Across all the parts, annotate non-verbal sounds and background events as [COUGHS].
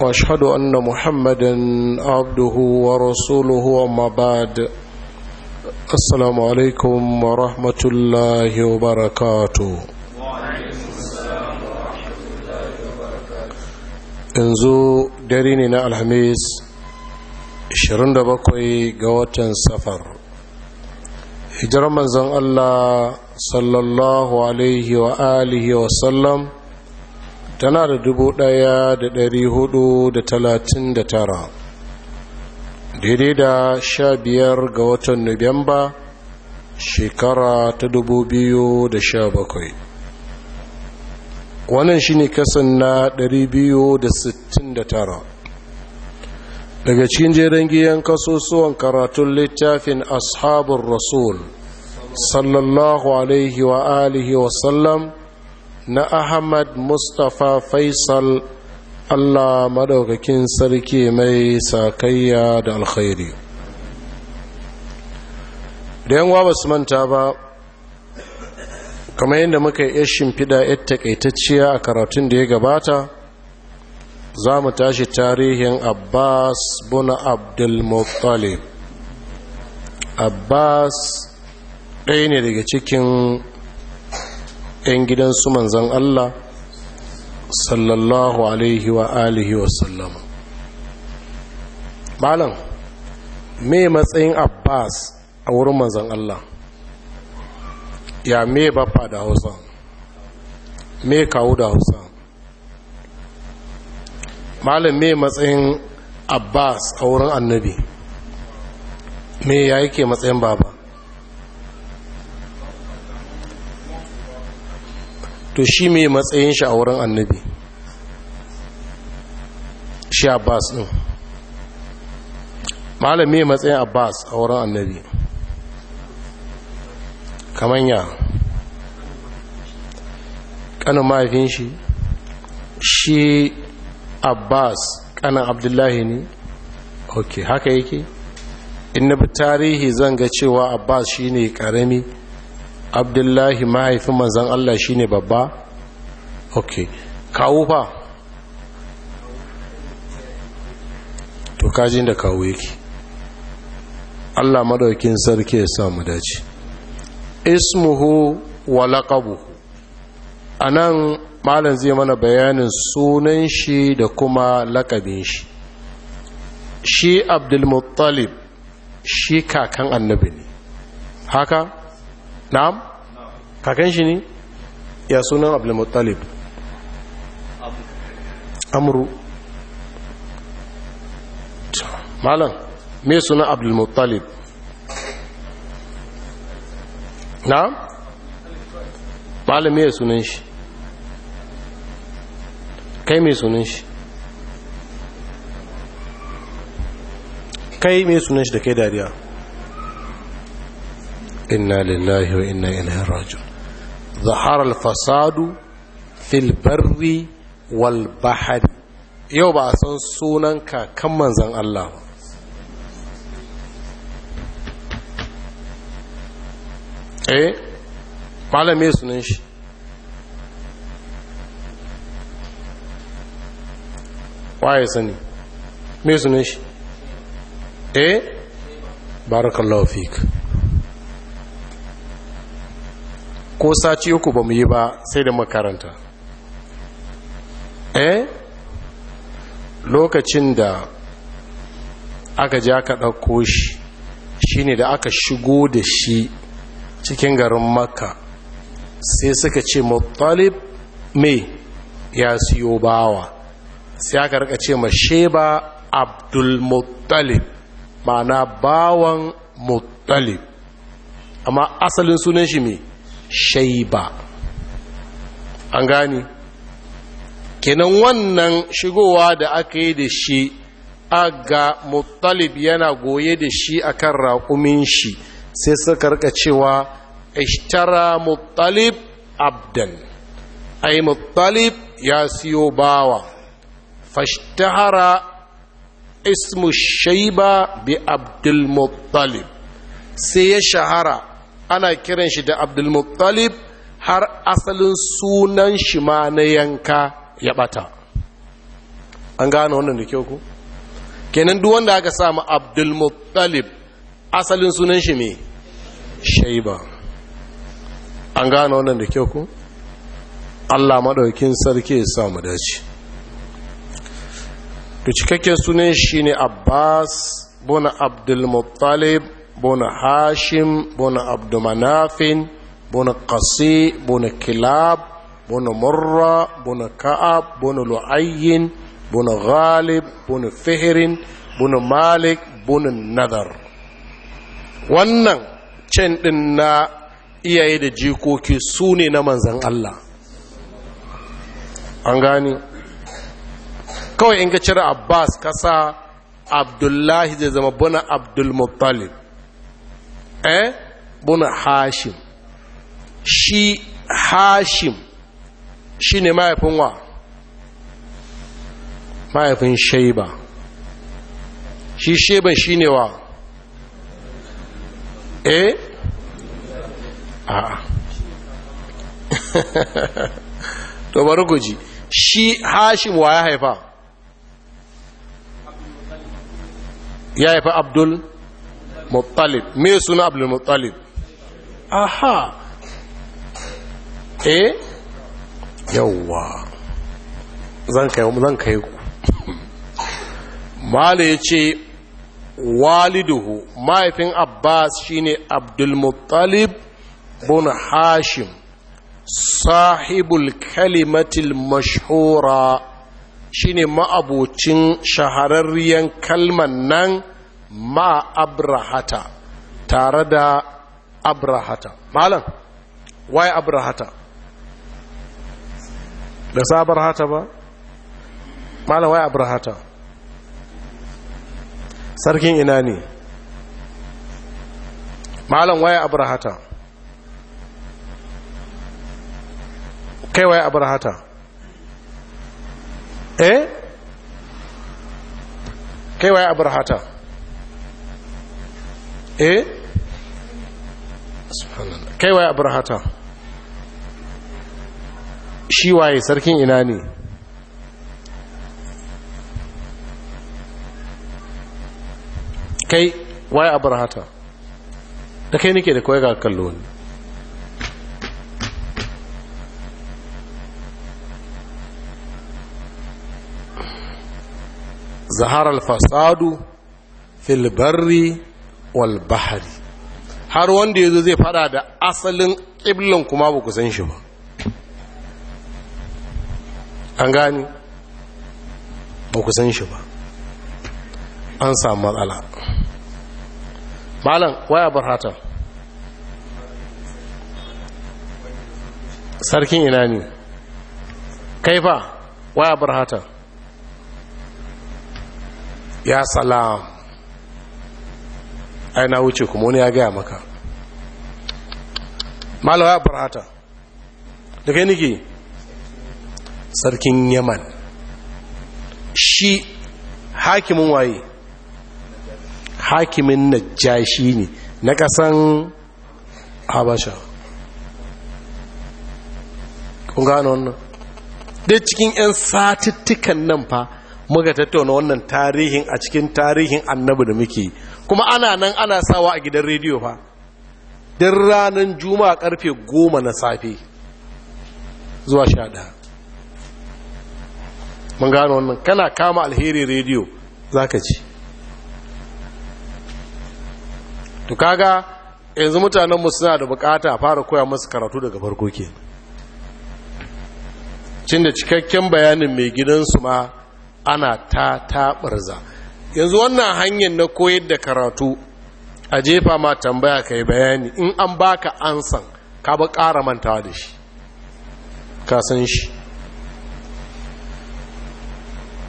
واشهد ان محمدا عبده ورسوله وما بعد السلام عليكم ورحمه الله وبركاته yanzu dare ne na alhamis 27 ga watan safar hijirar manzon allah sallallahu alaihi wa alihi wa sallam tana da dubu ɗaya da dari hudu da talatin da tara daidai da sha biyar ga watan nuwamba shekara ta dubu biyu da sha bakwai wannan shine kasan na dari biyu da sittin da tara daga cikin jerin giyan kasusuwan karatun littafin ashabun rasul sallallahu alaihi wa alihi wasallam na ahmad mustapha faisal allah madaukakin sarki mai sakayya da alkhairi da yan ba su manta ba kamar yadda muka yi shimfiɗa yar takaitacciya a karatun da ya gabata za mu tashi tarihin abbas buna abdulmuttalib abbas ɗaya ne daga cikin 'yan gidan su manzan Allah sallallahu alaihi wa alihi wa sallama malam me matsayin abbas a wurin manzan Allah ya me bafa da hausa me kawo da hausa malam me matsayin abbas a wurin annabi me ya yake matsayin baba to shi mai matsayin shi a wurin annabi shi abbas ɗin malam mai matsayin abbas a wurin annabi kamanya kanin mahaifin shi shi abbas kanin abdullahi ne ok haka yake in na bi tarihi zan ga cewa abbas shi ne ƙarami. abdullahi mahaifin manzan Allah shi ne babba ok kawo fa to kajin da kawo yake Allah madaukin sarki ya samu dace ismuhu wa A anan malam zai mana bayanin sunan shi da kuma lakabin shi shi abdulmuttalib shi kakan annabi ne haka na'am kakan shi ne ya sunan abdulmuttalib amuru malam me sunan abdulmuttalib na'am malam me sunan shi kai me sunan shi kai me sunan shi da kai dariya inna lillahi wa inna ilaihi raji'un zahara fasadu fil wal bahari yau ba a san sunan kakan manzan Allah ba eh malame sunan shi waye sani me sunan shi eh barakallahu fika ko saci uku ba mu yi ba sai da makaranta eh lokacin da aka ji aka ɗauko shi shine da aka shigo da shi cikin garin makka sai suka ce muttalib mai ya siyo bawa sai aka rika ce ma sheba abdulmuttalib ma'ana bawan muttalib amma asalin sunan shi mai shaiba an gani kenan wannan shigowa da aka yi da shi aga muttalib yana goye da shi akan raƙumin shi sai suka rika cewa ishtara muttalib abdan ai muttalib ya siyo bawa fashtahara ismu shaiba bi abdul muttalib sai ya shahara ana kiran shi da abdulmuttalib har asalin sunan shi ma na yanka ya bata an gane wannan da kyau ku kenan duk wanda aka samu abdulmuttalib asalin sunan shi mai shaiba an gane wannan da kyau ku allah maɗaukin sarki ya samu dace to cikakken sunan shi ne abbas buna abdulmuttalib بون هاشم بون عبد مناف بون قصي بون كلاب بون مرة بون كعب بون لؤي بون غالب بون فهر بون مالك بون نذر wannan cin ɗin na iyaye da jikoki su ne na manzan Allah an gani kawai in ga cire abbas kasa abdullahi zai zama bana abdulmuttalib eh buna hashim shi hashim shi ne mahaifin wa mahaifin shaiba shi shaiban shi ne wa eh a [LAUGHS] to bari guji shi hashim wa ya haifa ya haifa abdul muttalib me suna abdul muttalib aha eh yawwa zan kai zan kai ku mala yace waliduhu mahaifin abbas shine abdul muttalib bin hashim sahibul kalimatil mashhura shine ma'abocin shahararriyan kalman nan ma abrahata tare da abrahata malam waye abrahata da sabar hata ba malam waye abrahata sarkin ina ne malam waye abrahata kai waye abrahata eh kai waye abrahata eh kai waye abrahata shi waye sarkin ina ne kai waye abrahata da kai nake da kawai ga kallo ne zahar al-fasadu fil barri wal bahari har wanda yazo zai fara da asalin qiblan kuma ba ku san shi ba an gani ba ku san shi ba an samu matsala malam waya barhatan sarkin ina ne kaifa waya barhatan ya salam ai na wuce kuma wani ya gaya maka malawa barata da kai niki sarkin yaman shi hakimin waye hakimin najashi ne na kasan habasha kun gano wannan dai cikin 'yan satuttukan nan fa muka tattauna wannan tarihin a cikin tarihin annabi da muke kuma ana nan ana sawa a gidan rediyo fa dan ranar juma'a karfe goma na safe zuwa 11 mun gano wannan kana kama alheri rediyo za ka ci to kaga yanzu mutanenmu suna da bukata fara koya musu karatu daga farko ke cin da cikakken bayanin mai gidansu ma ana ta taɓarza yanzu wannan hanyar na koyar da karatu a jefa ma tambaya kai bayani in an baka ansan ka ba ƙara mantawa da shi ka san shi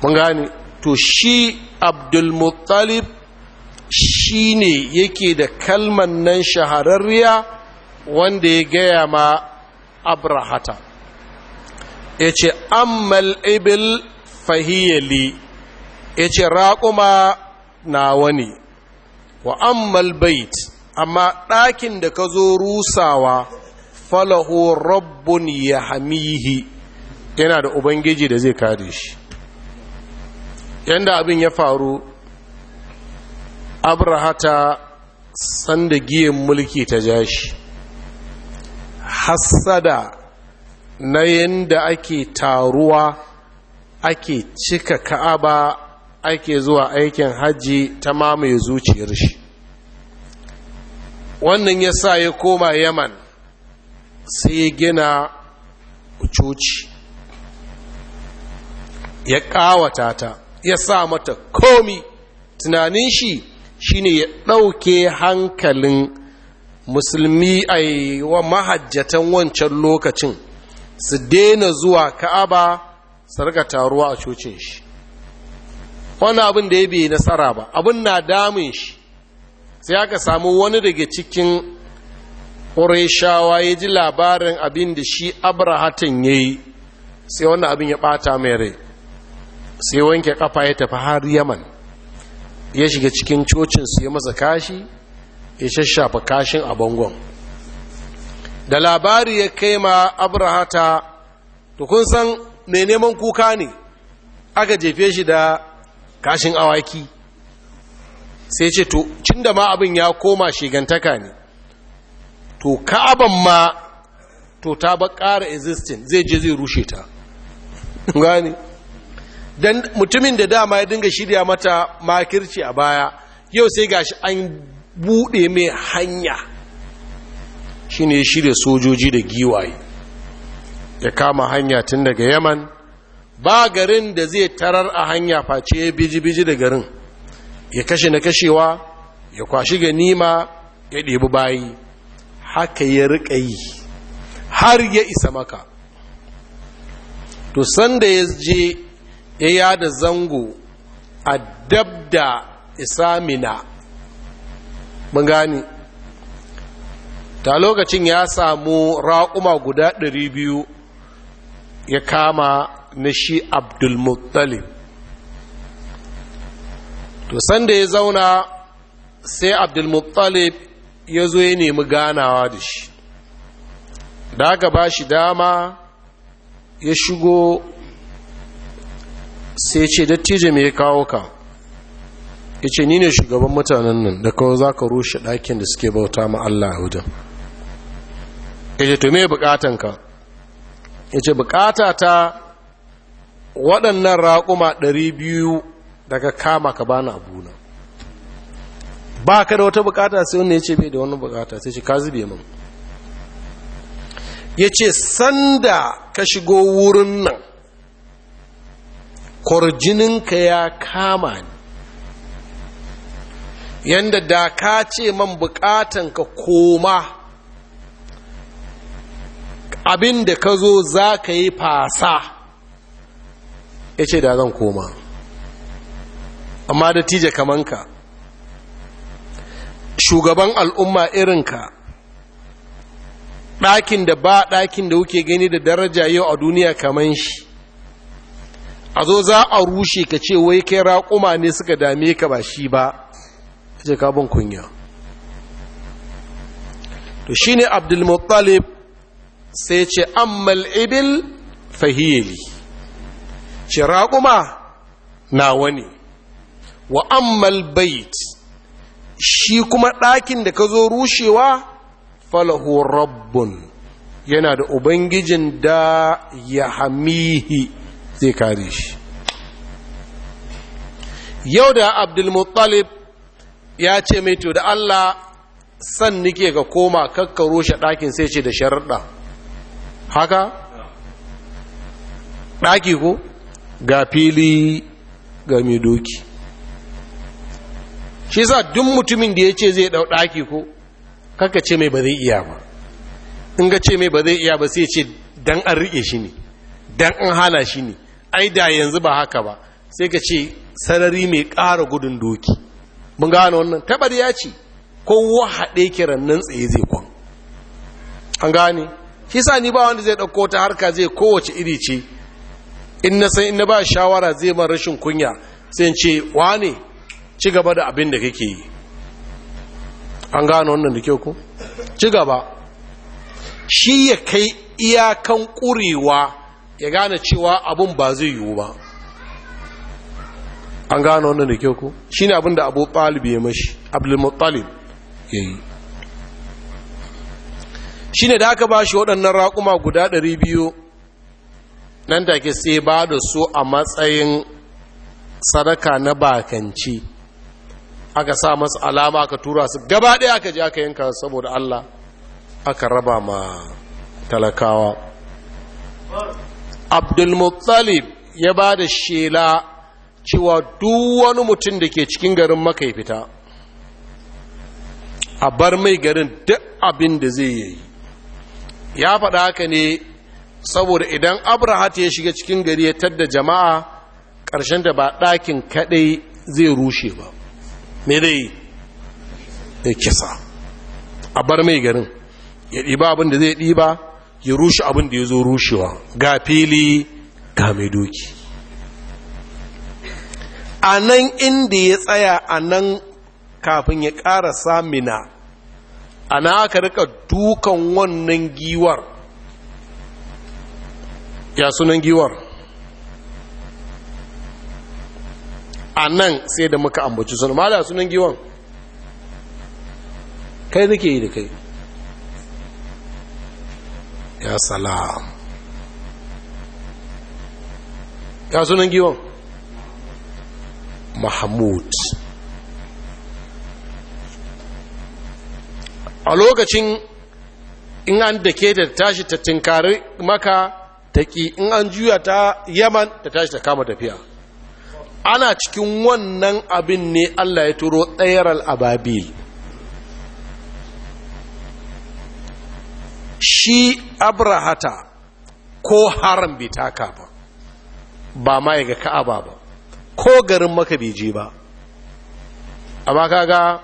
mun gane to shi abdulmuttalib shi ne yake da kalman nan shahararriya wanda ya gaya ma abrahata ya ce ammal ibil li ya ce raƙuma na wani wa ammal bait amma ɗakin da ka zo rusawa falahu rabbun ya hamihi yana da ubangiji da zai kare shi yadda abin ya faru abrahata sanda giyan mulki ta ja shi hassada na yadda ake taruwa ake cika ka'aba ake zuwa aikin hajji ta mamaye zuciyar shi wannan ya sa ya koma yaman sai ya gina coci ya ƙawata ta ya sa mata komi tunanin shi shine ya ɗauke hankalin musulmi a wa mahajjatan wancan lokacin su daina zuwa ka'aba sarga taruwa a cocin shi wani abin da ya bai nasara ba abin na damun shi sai aka samu wani daga cikin shawa ya ji labarin abin da shi abrahatan ya yi sai wani abin ya ɓata mai rai sai wanke ƙafa ya tafi har yaman ya shiga cikin cocin su ya masa kashi ya shashafa kashin a bangon da labari ya kai ma abrahata to kun san mai neman kuka ne aka jefe shi da kashin awaki sai ce to cin da ma abin ya koma shigantaka ne to ka'aban ma to ta ba ƙara existing zai je zai rushe ta gani don mutumin da dama ya dinga shirya mata makirci a baya yau sai gashi an buɗe mai hanya shine ya shirya sojoji da giwaye ya kama hanya tun daga yaman ba garin da zai tarar a hanya face ya biji-biji da garin ya kashe na kashewa ya kwashi ganima ya ɗebi bayi haka ya riƙa yi har ya isa maka to sanda ya je ya yada zango a dab da isamina mun gani ta lokacin ya samu raƙuma guda biyu. ya kama na shi abdulmuttalib to sanda ya zauna sai abdulmuttalib ya zo ya nemi ganawa da shi da aka ba shi dama ya shigo sai ce dattijo mai kawo ka ya ce ni ne shugaban mutanen nan da kawo za ka rushe ɗakin da suke bauta ma Allah a wajen ya ce to me bukatanka ya ce bukata ta waɗannan raƙuma ɗari biyu daga kama ka bani abuna ba ka da wata bukata sai wani ya ce bai da wani bukata sai shi ka zube min ya ce sanda ka shigo wurin nan kwarjininka ya kama ni yadda da ka ce man bukatan ka koma abin da ka zo za ka yi fasa ya ce da zan koma amma da tije kamanka shugaban al'umma irin ka, ɗakin da ba ɗakin da kuke gani da daraja yau a duniya kaman shi a zo za a rushe ka ce wai kai raƙuma ne suka dame ka ba shi ba ce kabin kunya to shi ne abdulmuttalib sai ce ammal ibil fahili ce raƙuma na wani wa ammal bait shi kuma ɗakin da ka zo rushewa falahu rabbun yana da ubangijin da ya hamihi zai kare shi yau da abdulmuttalib ya ce mai to da allah san nike ka koma kakkaro rushe ɗakin sai ce da sharaɗa haka ɗaki ko ga fili ga mai doki shi sa duk mutumin da ya ce zai ɗau ɗaki ko kaka ce mai ba zai iya ba in ga ce mai ba zai iya ba sai ce dan an riƙe shi ne dan an hana shi ne ai da yanzu ba haka ba sai ka ce sarari mai ƙara gudun doki mun gane wannan tabar ya ce kowa haɗe kiran nan tsaye zai kwan an gane shi sa ni ba wanda zai ɗauko ta harka zai kowace iri ce in na san in na ba shawara zai man rashin kunya sai ce wa ne? ci gaba da abin da kake yi an gano wannan da kyau ku ci gaba shi ya kai iyakan ƙurewa ya gane cewa abin ba zai yiwu ba an gano wannan da kyau ku shi ne abin da abu ɗalibi ya mashi abdulmuttalib ya yi shi ne da aka ba shi waɗannan raƙuma guda ɗari biyu nan ke sai ba da su a matsayin sadaka na bakanci aka sa masu alama aka tura su gaba ɗaya aka ji aka yanka saboda Allah aka raba ma talakawa abdulmuttalib ya ba da shela cewa duk wani mutum da ke cikin garin maka fita a bar mai garin duk abin da zai yi ya faɗa haka ne saboda idan abrahat ya shiga cikin gari ya tadda jama'a ƙarshen da ba ɗakin kaɗai zai rushe ba me dai ya kisa a bar mai garin ya ɗiba abin da zai ɗiba ya rushe abin da ya zo rushewa ga fili ga mai doki a nan inda ya tsaya a nan kafin ya ƙara samina ana aka rika dukan wannan giwar ya sunan giwar a nan sai da muka ambaci suna ma da sunan giwan kai nake yi da kai ya salam ya sunan giwan mahmud a lokacin in an da ke da tashi ta tinkari maka ta ƙi in an juya ta yaman ta tashi ta kama tafiya ana cikin wannan abin ne allah ya turo tsayar al'ababil shi abrahata ko haram bai taka ba ba ma ya ka'aba ba ko garin maka bai ba amma kaga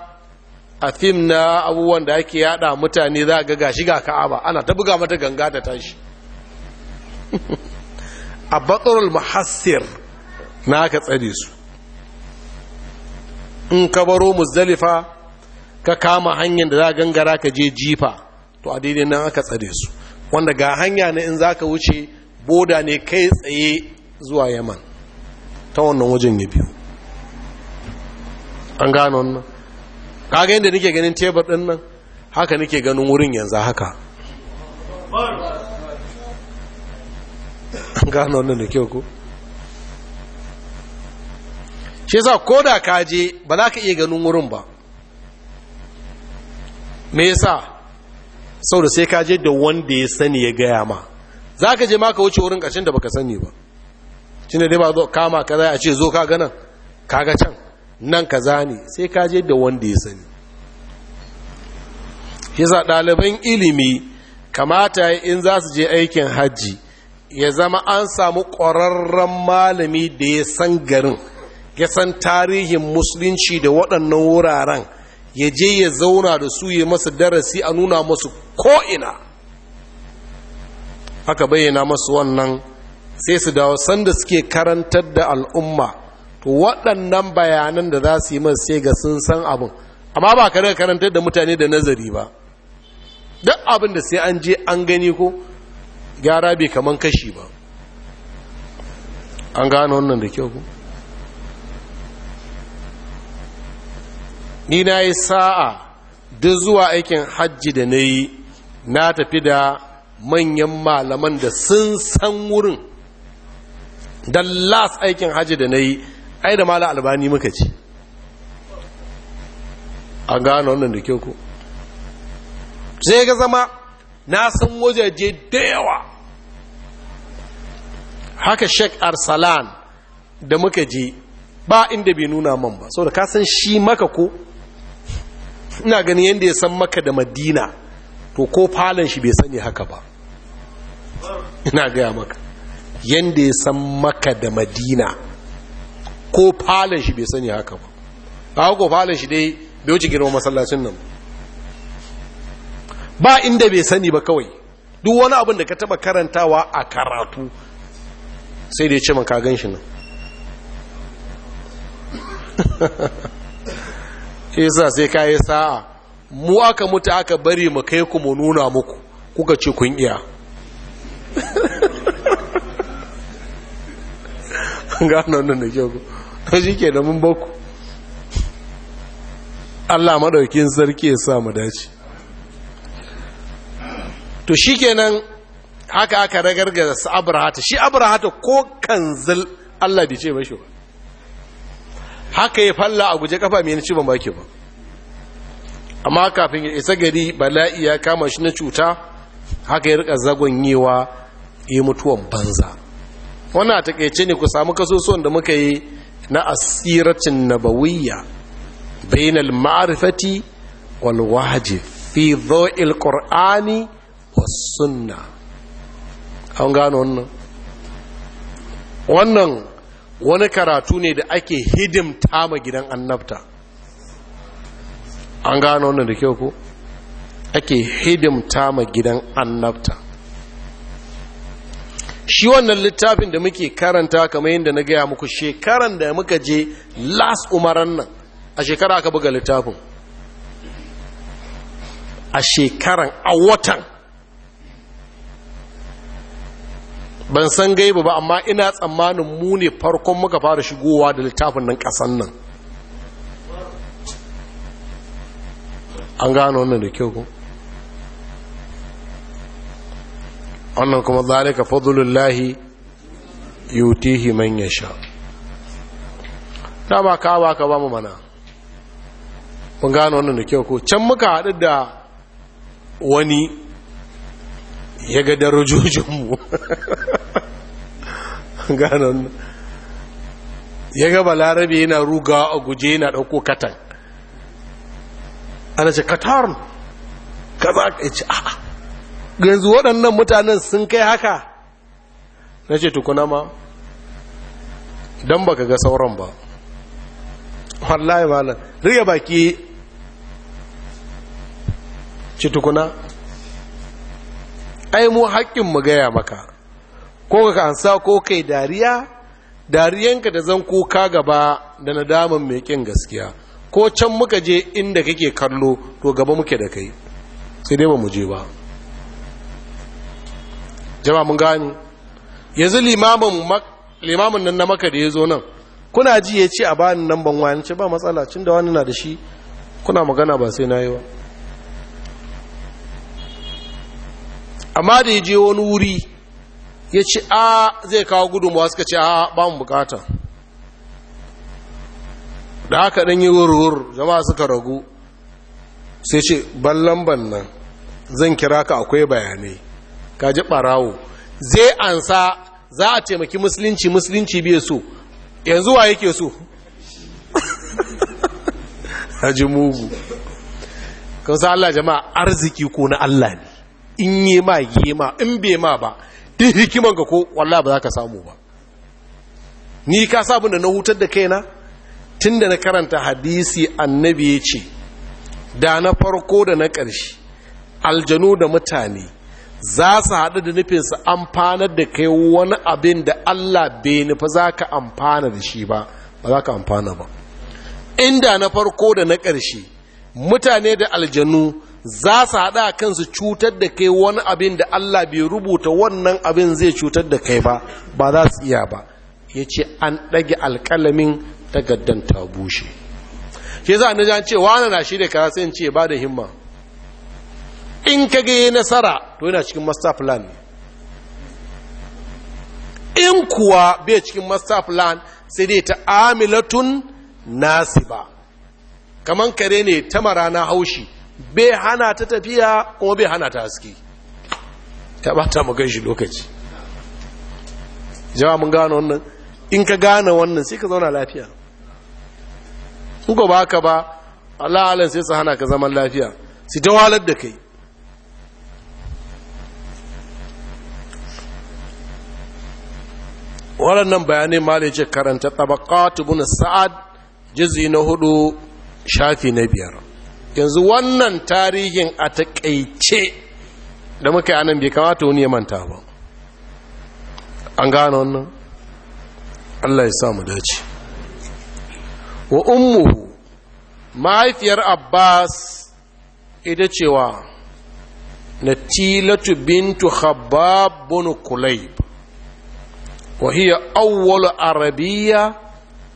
a fim na abubuwan da ake yada mutane za ga gashi ga ka'aba ana ta buga mata ganga ta tashi [LAUGHS] a batsarul muhassir na aka tsare su in ka baro muzdalifa ka kama hanyar da za gangara ka je jifa to a daidai nan aka tsare su wanda ga hanya na in za ka wuce boda ne kai tsaye zuwa yaman ta wannan wajen ya biyu an gano wannan kaga yadda nake ganin tebur ɗin nan haka nake ganin wurin yanzu haka an gano wannan da kyau ko shi yasa ko da ka je ba za ka iya ganin wurin ba me yasa sau da sai ka je da wanda ya sani ya gaya ma za ka je maka wuce wurin ƙarshen da baka sani ba shi ne dai ba zo kama ka zai a ce zo ka ganin ka ga can nan za ne sai ka je da wanda ya sani yasa ɗaliban ilimi kamata in za su je aikin hajji ya zama an samu ƙwararren malami da ya san garin ya san tarihin musulunci da waɗannan wuraren ya je ya zauna da su ya masu darasi a nuna masu ko'ina aka bayyana masu wannan sai su dawo sanda suke karantar da al'umma to waɗannan bayanan da za su yi masu sai ga sun san abin amma ba ka karanta da mutane da nazari ba duk abin da sai an je an gani ko gyara bai kaman kashi ba an gano wannan da kyau ku ni na yi sa'a duk zuwa aikin hajji da na yi na tafi da manyan malaman da sun san wurin da las aikin hajji da na yi ai da mala albani muka ce a gano wannan da kyau ku. sai ga zama na san wajaje da yawa haka shek arsalan da muka je ba inda bai nuna man ba da ka san shi maka ko ina gani yadda ya san maka da madina to ko falon shi bai sani haka ba ina gaya maka yadda ya san maka da madina ko falon shi bai sani haka ba ba ko falon shi dai bai wuce girman masallacin nan ba inda bai sani ba kawai duk wani abin da ka taba karantawa a karatu sai dai ce man ka gan shi nan [LAUGHS] isa sai ka yi sa'a mu aka mutu aka bari mu kai ku mu nuna muku kuka ce kun iya [LAUGHS] gano nan da kyau to shi ke da mun allah maɗaukin sarki ya sa mu dace to shi kenan haka aka ragargaza su abrahata shi abrahata ko kanzil allah bai ce mashi ba haka ya falla a guje kafa mai ci ban baki ba amma kafin ya isa gari bala'i ya kama shi na cuta haka ya rika zagon yiwa yi mutuwan banza wannan a takaice ne ku samu kasusuwan da muka yi na asiratin nabawiyya bainal ma'arifati wal wajib fi dhawil qur'ani wa sunna an gano wannan wannan wani karatu ne da ake hidimta ma gidan annabta an gano wannan da kyau ko ake hidimta ma gidan annabta shi wannan littafin da muke karanta kamar yadda na gaya muku shekaran da muka je las umaran nan a shekara aka buga littafin a shekaran a watan ban san gaiba ba amma ina tsammanin mu ne farkon muka fara shigowa da littafin nan kasan nan an gano wannan da kyau wannan kuma zalika fadlullahi yutihi man yasha ba ka ba ka ba mu mana mun gano wannan da kyau ko can muka haɗu da wani ya ga mu [LAUGHS] gano ya ga balarabe yana ruga a guje yana ɗauko katan ana ce katarun kaza ya ce a'a yanzu waɗannan mutanen sun kai haka na ce tukuna ma don baka ga sauran ba wallahi malam riya baki ce tukuna ai mu haƙƙin mu gaya maka ko ka ansa ko kai dariya dariyanka da zan kuka gaba da nadaman mai ƙin gaskiya ko can muka je inda kake kallo to gaba muke da kai sai dai ba mu je ba jama mun gane yanzu limamin limamin nan na maka da ya zo nan kuna ji ya ce a bani nan ban wani ce ba matsala cin da wani na da shi kuna magana ba sai na yi ba amma da ya je wani wuri ya ce a zai kawo gudunmawa suka ce a ba mu bukata da aka ɗan yi wurwur jama'a suka ragu sai ce ban lamban nan zan kira ka akwai bayanai kaji barawo zai ansa za a taimaki musulunci musulunci biye so yanzu wa yake so haji [LAUGHS] mugu kan Allah jama'a arziki ko na Allah ne in yi ma yi ma in bai ma ba duk hikiman ga ko wallahi ba za ka samu ba ni ka sabon da na hutar da kaina tunda na karanta hadisi annabi ya ce da na farko da na ƙarshe aljanu da mutane za su haɗu da nufinsu su amfanar da kai wani abin da Allah bai nufa za ka amfana da shi ba ba za ka amfana ba inda na farko da na ƙarshe mutane da aljanu za su haɗu a kansu cutar da kai wani abin da Allah bai rubuta wannan abin zai cutar da kai ba ba za su iya ba ya ce an ɗage alƙalamin tagaddan ta bushe shi za a ce na shi da kara ce ba da himma in ka ga nasara to yana cikin master plan ne in kuwa bai cikin master plan sai dai ta amilatun ba. Kamar kare ne ta marana haushi bai hana ta tafiya kuma bai hana ta haske ta bata mu gan shi lokaci jawa mun gano wannan in ka gane wannan sai ka zauna lafiya in ba ka ba Allah sai su hana ka zaman lafiya su ta walar da kai waɗannan bayanai malai ce karanta tabaqat ibn sa'ad jizi na hudu shafi na biyar yanzu wannan tarihin a taƙaice da muka yi anan bai kamata wani ya manta ba an gane wannan Allah ya sa dace wa ummuhu mahaifiyar Abbas ita cewa na tilatu bintu Habab bin kulaib وهي أول عربية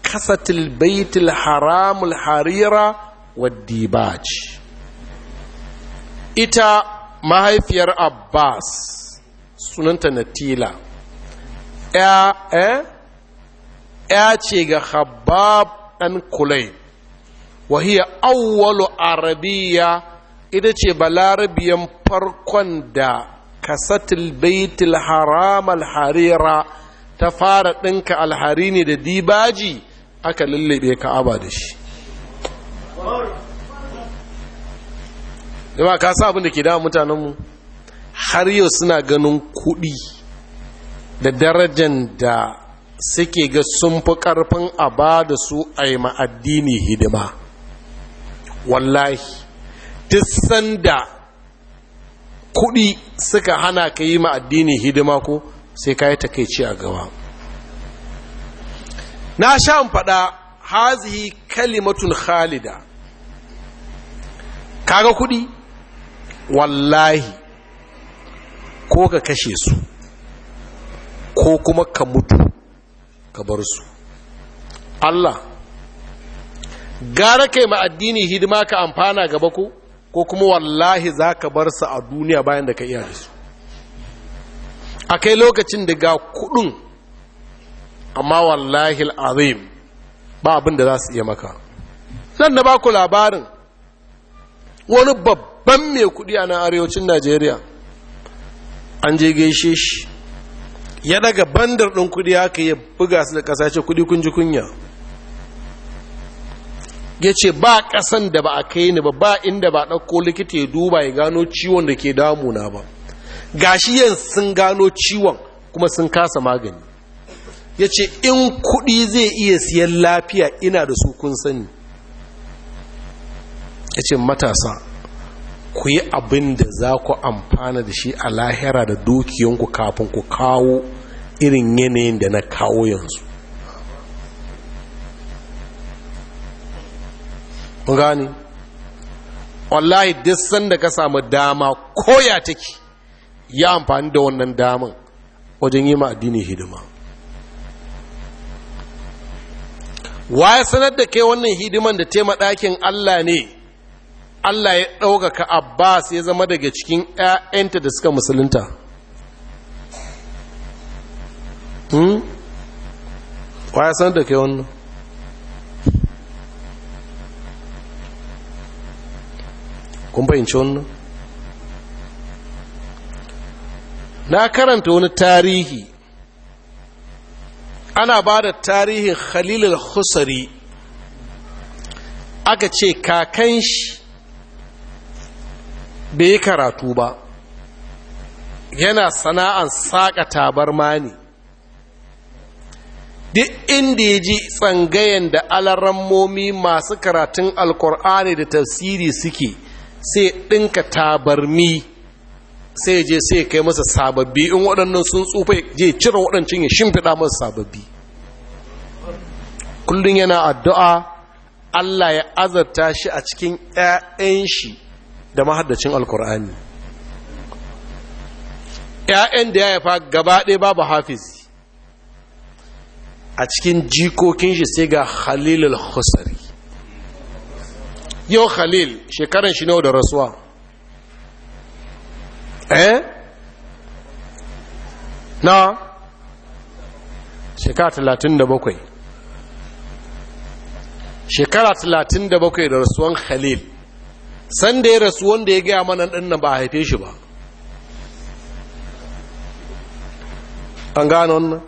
كست البيت الحرام الحريرة والديباج إتا ما هي فير أباس sunanta natila ya ce ga habab ɗan kulai wahiyar awwalu arabiya ita ce balarabiyan farkon da kasatil baitul haram al-harira ta fara ɗinka alhari ne da dibaji aka lullube ka'aba da shi zama ka sa abin da ke damun mutanenmu har yau suna ganin kuɗi da darajan da suke ga sun fi ƙarfin a ba da su a yi ma'addini hidima wallahi duk da kuɗi suka hana ka yi ma'addini hidima ko sai ka yi takaici a gaba na sha faɗa hazihi kalimatun khalida kaga kuɗi wallahi ko ka kashe su ko kuma ka mutu ka bar su Allah gara kai ma addini hidima ka amfana gaba ko ko kuma wallahi za ka bar su a duniya bayan da ka iya da su Akai lokacin da ga kudin amma wallahi al'azim ba abin da za su iya maka zan na baku labarin wani babban mai kudi a nan arewacin najeriya an je gaishe shi ya daga bandar ɗin kudi haka ya buga su da ƙasashe kudi kun ji kunya ya ce ba ƙasan da ba a kai ni ba ba inda ba ɗauko likita ya duba ya gano ciwon da ke damuna ba gashi yin sun gano ciwon kuma sun kasa magani ya ce in kuɗi zai iya siyan lafiya ina da su kun sani ya ce matasa ku yi abin da za ku amfana da shi a lahira da dukiyanku kafin ku kawo irin yanayin da na kawo yanzu gani wallahi duk sanda ka samu dama koya take ya amfani da wannan damar wajen yi ma'adini hidima hidima ya sanar da kai wannan hidiman da tema ɗakin Allah ne Allah ya ɗaukaka Abbas ya zama daga cikin ‘ya'yanta da suka musulunta hmm? ya sanar da kai wannan kun fahimci wannan na karanta wani tarihi ana ba da tarihin khalilul husari aka ce kakan shi bai yi karatu ba yana sana'an saƙa tabarma ne duk inda ya ji tsangayen da alarammomi masu karatun alkur'ani da tafsiri suke sai ɗinka tabarmi sai je sai kai masa sababbi in waɗannan sun tsufa je cire waɗancin ya shimfiɗa masa sababbi kullum yana addu'a Allah ya azarta shi a cikin ‘ya'yan shi da mahaddacin alkur'ani ‘ya'yan da ya haifa gaba ɗaya babu Hafiz a cikin jikokin shi sai ga khalilul husari yau khalil shekaran shi ne da rasuwa eh na shekara talatin da bakwai shekara talatin da bakwai da rasuwan khalil sanda ya rasu wanda ya gaya mana ɗin ba a haife shi ba an gano wannan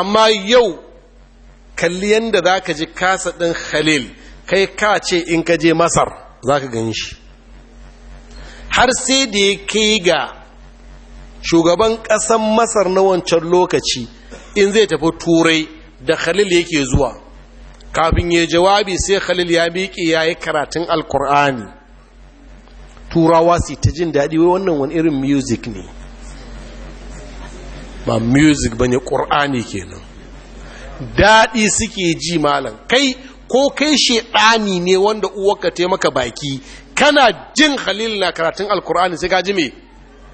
amma yau kalli yadda za ka ji kasa ɗin khalil kai ka ce in ka je masar za ka gan shi har sai da ya kai ga shugaban ƙasan masar na wancan lokaci in zai tafi turai da khalil yake zuwa kafin ya jawabi sai khalil ya miƙe ya yi karatun alkur'ani turawa su ta jin daɗi wai wannan wani irin music ne ba music ba ne ƙur'ani kenan daɗi suke ji malam kai ko kai shaɗani ne wanda uwaka taimaka baki kana jin halil na karatun alkur'ani sai ka ji mai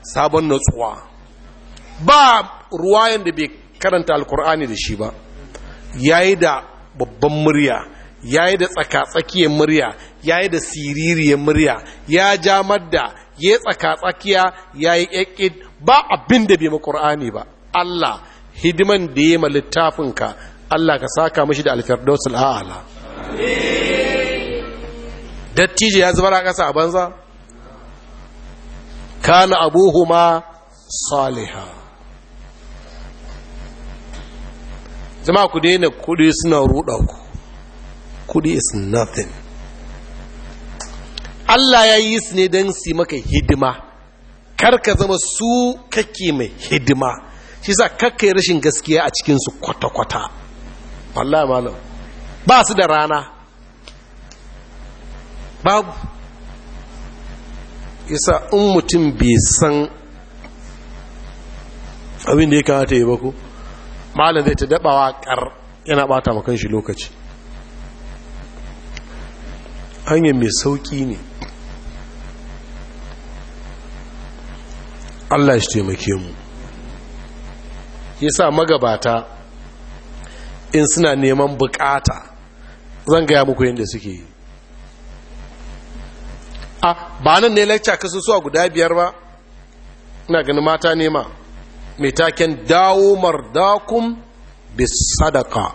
sabon nutsuwa. ba ruwayan da bai karanta alkur'ani da shi ba yayi da babban murya yayi da tsakatsakiyar murya yayi da siririyar murya ya ja madda ya tsakatsakiya yayi ƙyaƙƙid ba abin da bai ma ƙur'ani ba Allah hidiman da ya ma littafinka Allah ka saka mashi da alfirdausul a'ala amin dattijo ya zubar a a banza kana abuhuma saliha Zama ku daina kudi suna ruɗa ku kudi is nothing Allah ya yi su ne don su maka hidima kar zama su kake mai hidima shi sa kakkai rashin gaskiya a cikinsu kwata-kwata Allah malam ba su da rana babu isa in mutum bai san abin da ya kamata yi ba ku malam zai ta dabawa kar yana bata makon shi lokaci hanyar mai sauki ne allah shi taimake mu yasa magabata in suna neman bukata zan gaya muku yadda suke yi a ba nan ne lecture kasusuwa guda biyar ba ina ganin mata nema mai taken dawo mardakum bis sadaka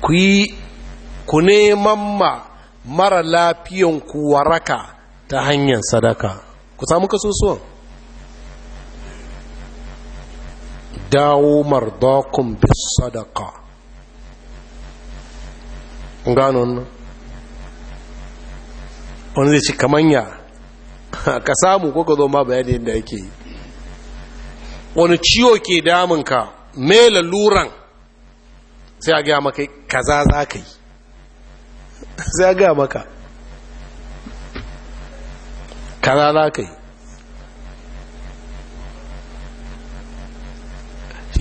ku yi ku neman ma mara lafiyan waraka ta hanyar sadaka ku samu suwa dawo mardakum bis sadaka gano nan wani zai ci kamanya [LAUGHS] ka samu ko ka zo ma bayani yadda yake yi wani ciwo ke damunka mela laluran sai a gaya maka kaza za ka yi [LAUGHS] sai a gaya maka kaza za ka yi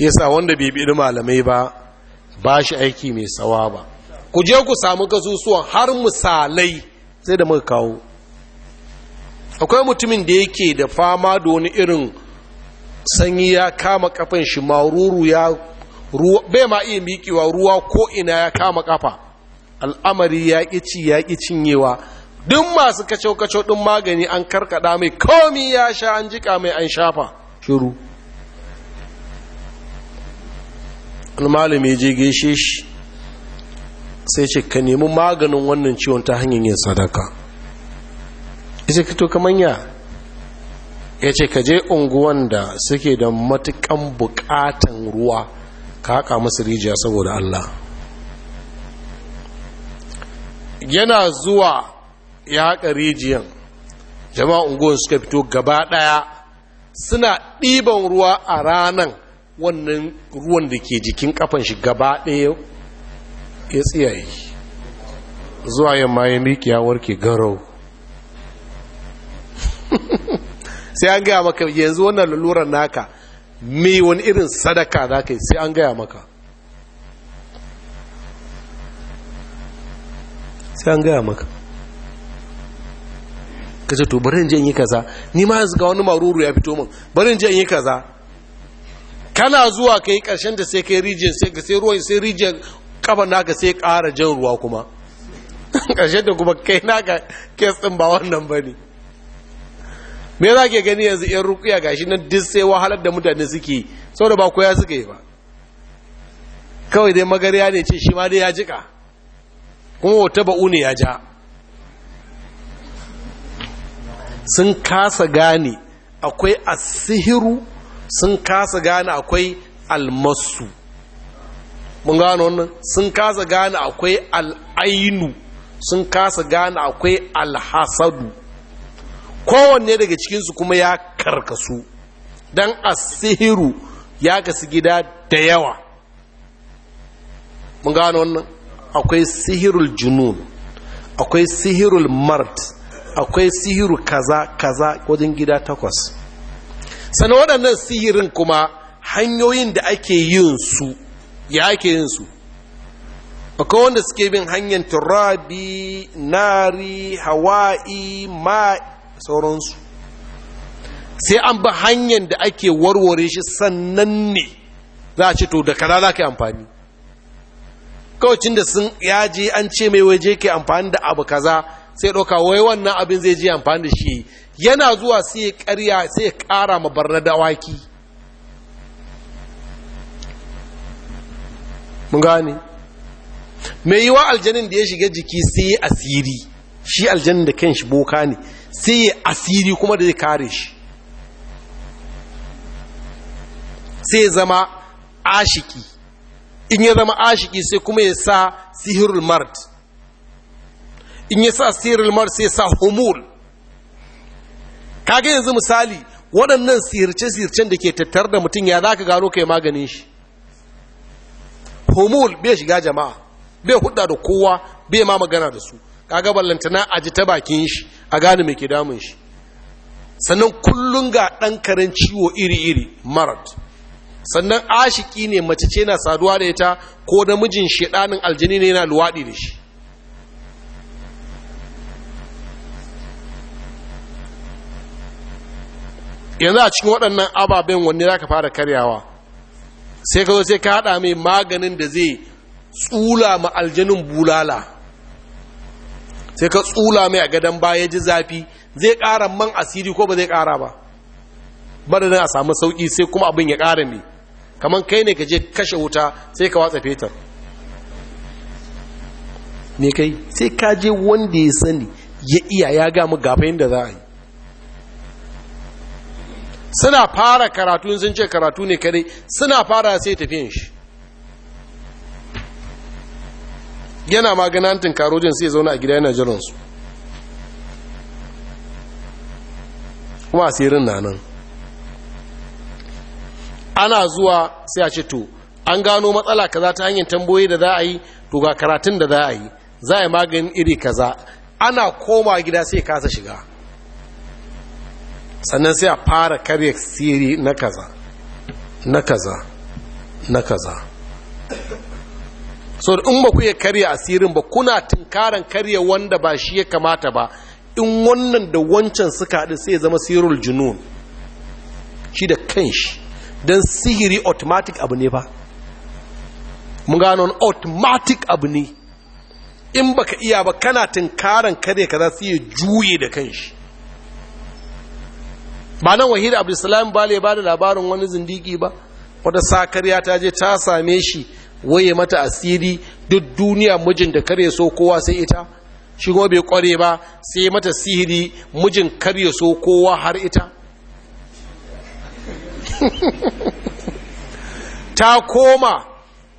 yasa wanda bai bi malamai ba ba shi aiki mai tsawa ba ku je ku samu kasusuwan har misalai sai da muka kawo akwai mutumin da yake da fama da wani irin sanyi ya kama kafan shi maruru ya ruwa bai ma iya miƙewa ruwa ko ina ya kama kafa al'amari ya ƙici ya ƙi cinyewa duk masu kacau-kacau ɗin magani an karkada mai komi ya sha an jika mai an shafa shiru malami je gaishe shi sai ce ka nemi maganin wannan ciwon ta hanyar yin sadaka ita ka manya. ya ce ka je unguwan da suke da matukan bukatan ruwa ka haka masu rijiya saboda Allah yana zuwa ya haka rijiyan jama'a unguwan suka fito gaba daya suna ɗiban ruwa a ranan wannan ruwan da ke jikin kafan shi gaba ɗaya ya tsiyaye zuwa yamma ya miki ya warke garo [LAUGHS] sai an gaya maka yanzu wannan lalurar naka me wani irin sadaka za ka yi sai an gaya maka sai an gaya maka ka ce to barin in yi kaza ni ma yanzu ga wani maruru ya fito min barin in yi kaza kana zuwa ka yi ƙarshen da sai ka yi rijiyar sai ruwan sai rijiyar kafa naka sai kara jan ruwa kuma ƙarshe [LAUGHS] da kuma kai naka kes ɗin ba wannan ba ne me za ke gani yanzu yan rukuya gashi nan duk sai wahalar da mutane suke sau da ba koya suka yi ba kawai dai magariya ne ce shi ma dai ya jika kuma wata ba'u ne ya ja sun kasa gane akwai asihiru sun kasa gane akwai almasu mun gano wannan sun kasa gane akwai al'ainu sun kasa gane akwai alhasadu kowanne daga cikinsu kuma ya karkasu don sihiru ya gasu gida da yawa mun gano wannan akwai sihirul junun akwai sihirul mart akwai sihiru kaza kaza wajen gida takwas sannan waɗannan sihirin kuma hanyoyin da ake yin su ya ake yin su akwai wanda suke bin hanyar turabi nari hawa'i ma sauransu sai an bi hanyar da ake warware shi sannan ne za a ce to da kada za ka yi amfani kawacin da sun yaji an ce mai waje ke amfani da abu kaza sai ɗauka wai wannan abin zai je amfani da shi yana zuwa sai ya karya sai ya ƙara ma barna dawaki mun gane mai yiwa aljanin da ya shiga jiki sai ya asiri shi aljanin da kan shi boka ne sai ya asiri kuma da zai kare shi sai ya zama ashiki in ya zama ashiki sai kuma ya sa sihirul mart in ya sa sihirul mart sai ya sa homol kaga yanzu misali waɗannan sihirce-sihircen da ke tattar da mutum ya za ka gano kai maganin shi humul bai shiga jama'a bai hudda da kowa bai ma magana da su kaga ballantana a ji ta bakin shi a gane mai ke damun shi sannan kullun ga ɗan karin ciwo iri-iri marat sannan ashiki ne mace ce na saduwa da ita ko namijin shedanin aljini ne yana luwaɗi da shi yanzu a cikin waɗannan ababen wanne za ka fara karyawa sai ka zo sai ka haɗa mai maganin da zai tsula ma aljanin bulala sai ka tsula mai a gadon baya ji zafi zai ƙara man asiri ko ba zai ƙara ba bada na a samu sauƙi sai kuma abin ya ƙara ne kamar kai ne ka je kashe wuta sai ka watsa fetur ne kai sai ka je wanda ya sani ya iya ya gamu gafayin da za a yi suna fara karatu sun ce karatu ne kadai suna fara sai tafiyan shi yana maganantin karojin sai zauna a gida yana jiransu kuma asirin na nan ana zuwa sai a ce an gano matsala kaza ta hanyar tamboyi da za a yi to ga karatun da za a yi za a yi maganin iri kaza ana koma gida sai kasa shiga sannan sai a fara karya siri na kaza na kaza na kaza so in ba ku iya karya asirin ba kuna tunkaran karya wanda ba shi ya kamata ba in wannan da wancan suka haɗu sai zama sirul junun shi da kanshi don sihiri automatic abu ne ba mun gano automatic abu ne in baka iya ba kana tunkaran karya kaza su ya juye da kanshi ba nan wahid abdulsalam ba ba bada labarin wani zindigi ba wata sakarya ta je ta same shi waye mata asiri duk duniya mijin da kare so kowa sai ita shi kuma bai kware ba sai mata sihiri mijin kare so kowa har ita [LAUGHS] ta koma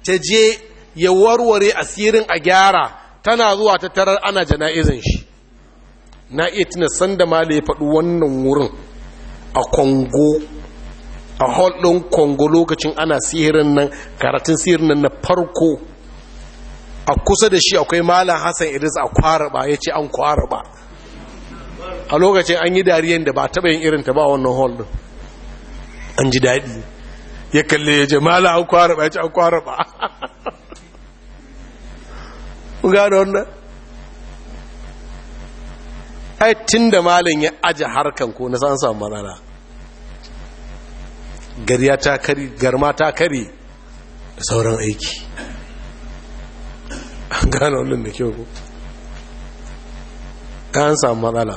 ta je ya warware asirin a gyara tana zuwa ta tarar ana jana'izin shi na iya tuna sanda ma da ya faɗi wannan wurin a kongo a hall ɗin kongo lokacin ana sihirin nan karatun sihirin nan na farko a kusa da shi akwai malam hassan idris a kwaraba ya ce an kwaraba a lokacin an yi dariyan da ba taɓa yin ta ba wannan hall ɗin an ji daɗi ya kalle ya je malam an kwaraba ya ce an kwaraba [LAUGHS] ai tun da malin ya aji harkan ko na san samu matsala gariya ta kari garma ta kari da sauran aiki an gano wannan da kyau ko an samu matsala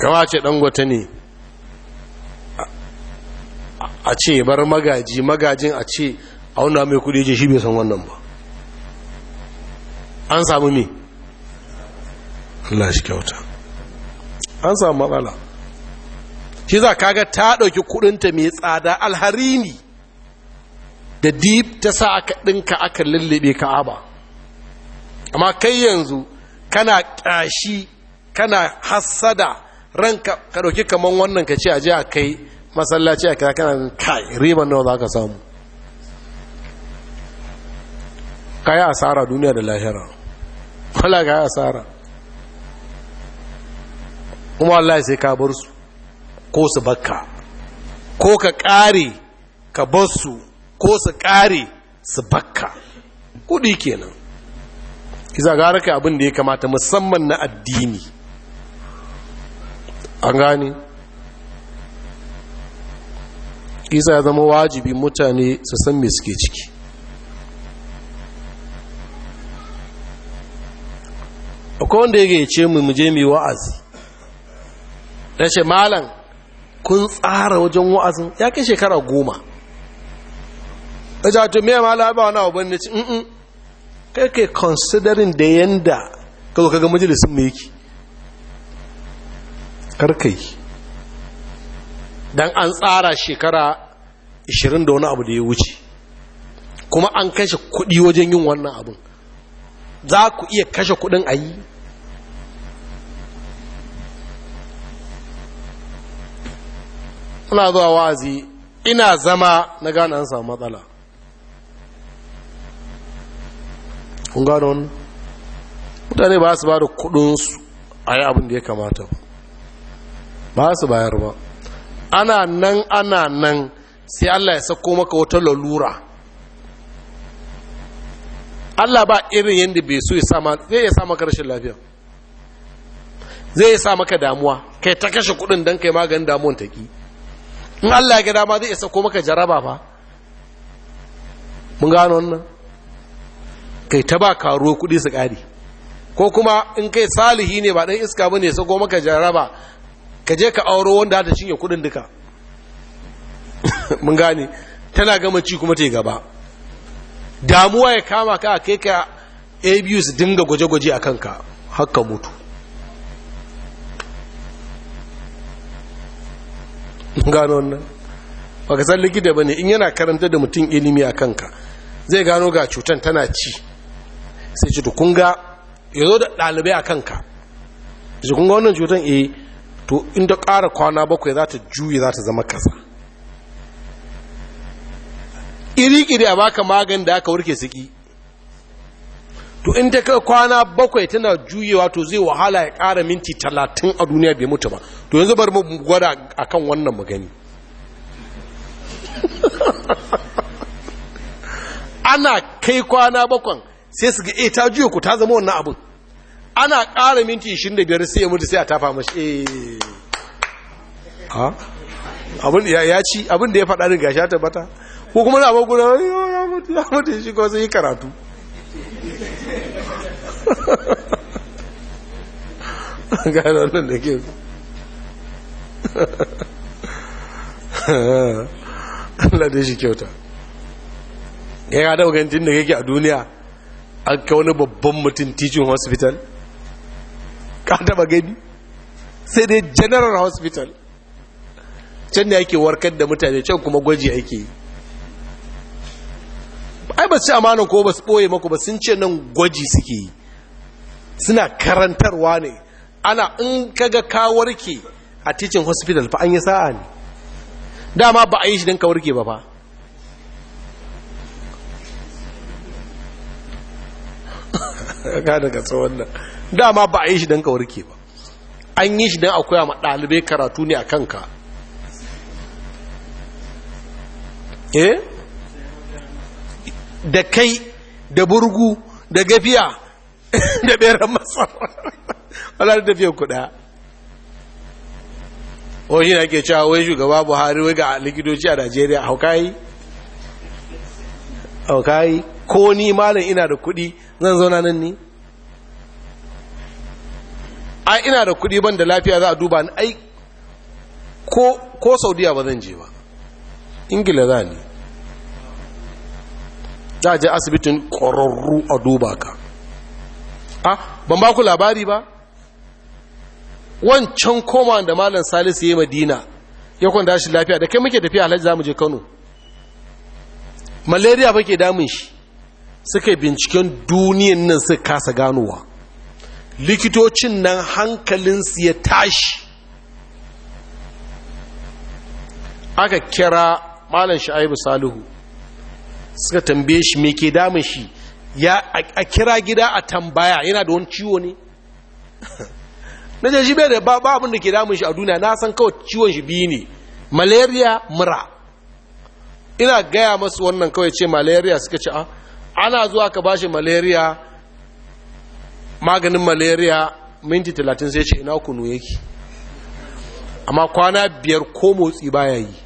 kama ce gwata ne a ce bar magaji magajin a ce a wannan mai kudi ce shi bai san wannan ba an samu mi. Allah shi kyauta an samu matsala shi za kaga ta ɗauki kudinta mai tsada alharini da dip ta sa aka ɗinka aka lullube ka'aba amma kai yanzu kana ƙyashi kana hassada ranka ka ɗauki kamar wannan ka ce a je a kai masallaci a kai kana kai riban nawa za ka samu kayi asara duniya da lahira wala kayi asara kuma Allah sai ka bar su ko su bakka ko ka kare ka bar su ko su kare su bakka kudi kenan iza gara kai abin da ya kamata musamman na addini an gani isa ya zama wajibi mutane su san me suke ciki akwai wanda ya ce mu muje mai wa'azi da ce malam kun tsara wajen wa'azin ya kai shekara goma da ce miya malam ba wani abu da ci mm kai kai considering da yanda ka zo kaga majalisun mu yake karkai don an tsara shekara 20 da wani abu da ya wuce kuma an kashe kuɗi wajen yin wannan abin za ku iya kashe kudin a yi muna zuwa wazi ina zama na gane an samu matsala kun gano wani mutane ba su ba da kudinsu a yi abin da ya kamata ba su bayar ba ana nan ana nan sai allah ya sako maka wata lalura Allah ba irin yadda bai so ya sama zai ya sama rashin lafiya zai ya sa maka damuwa kai ta kashe kudin don kai maganin damuwan ta ki in Allah ya gada ma zai isa ko maka jaraba fa mun gano wannan kai ta ba karuwa kudi su kari ko kuma in kai salihi ne ba dan iska bane sai ko maka jaraba ka je ka auro wanda ta cinye kudin duka [COUGHS] mun gane tana gama ci kuma ta yi gaba damuwa ya kama ka a kai ka abu su dinga gwaje-gwaje a kanka haka mutu gano wannan ka san likita ne, in yana karanta da mutum ilimi a kanka zai gano ga cutan tana ci sai ci tukunga ya zo da ɗalibai a kanka shi kunga wannan cutan eh to inda ƙara kwana bakwai za ta juye za ta zama kasa iri-iri a baka magan da aka warke siki to in ta kwana bakwai tana juyewa to zai wahala ya ƙara minti talatin a duniya bai mutu ba to yanzu bar mu gwada a kan wannan magani [LAUGHS] ana kai kwana bakwan sai su ga e ta juye ku ta zama wannan abin ana ƙara minti 25 sai ya mutu sai a tafa mashi eh abin ya ci abin da ya faɗa ni shi ta bata ko kuma na baku da ya mutu ya mutu shi ko sai yi karatu gano wannan da ke Allah da shi kyauta ya ga daukantin da yake a duniya an ka wani babban mutum teaching hospital ka taba gani sai dai general hospital can da yake warkar da mutane can kuma gwaji ake yi ai ba su ce amana ko ba su ɓoye maku ba sun ce nan gwaji suke yi suna karantarwa ne ana in kaga ka warke a teaching hospital fa an yi sa'a ne dama ba a yi shi don ka warke ba fa [LAUGHS] ka tsawon nan dama ba a yi shi don ka warke ba an yi shi don a ma ɗalibai karatu ne a kanka eh da kai da burgu da gafiya [LAUGHS] da beran masar [LAUGHS] wala da tafiya kuɗa wani na ke cewa wai shugaba buhari wai ga likidoci a najeriya haukayi haukayi ko ni malam ina da kuɗi zan zauna nan ni a ina da kuɗi ban da lafiya za a duba ni ai ko saudiya ba zan je ba ingila za ni za a je asibitin ƙwararru a duba ka a ban ba ku labari ba wancan koma da malam salisu ya yi madina ya kwanta shi lafiya da kai muke tafiya alhaji za mu je kano malaria ba ke damun shi suka yi binciken duniyan nan suka kasa ganowa likitocin nan hankalinsu ya tashi aka kira malam sha'ibu salihu suka tambaye shi me ke damun shi ya a kira gida a tambaya yana da wani ciwo ne [LAUGHS] na jeji bai da babu abin da ke damun shi a duniya na san kawai ciwon shi biyu ne malaria mura ina gaya masu wannan kawai ce malaria suka ci a ah, ana zuwa ka bashi malaria maganin malaria minti talatin sai ce ina kunu yake amma kwana biyar ko motsi baya yi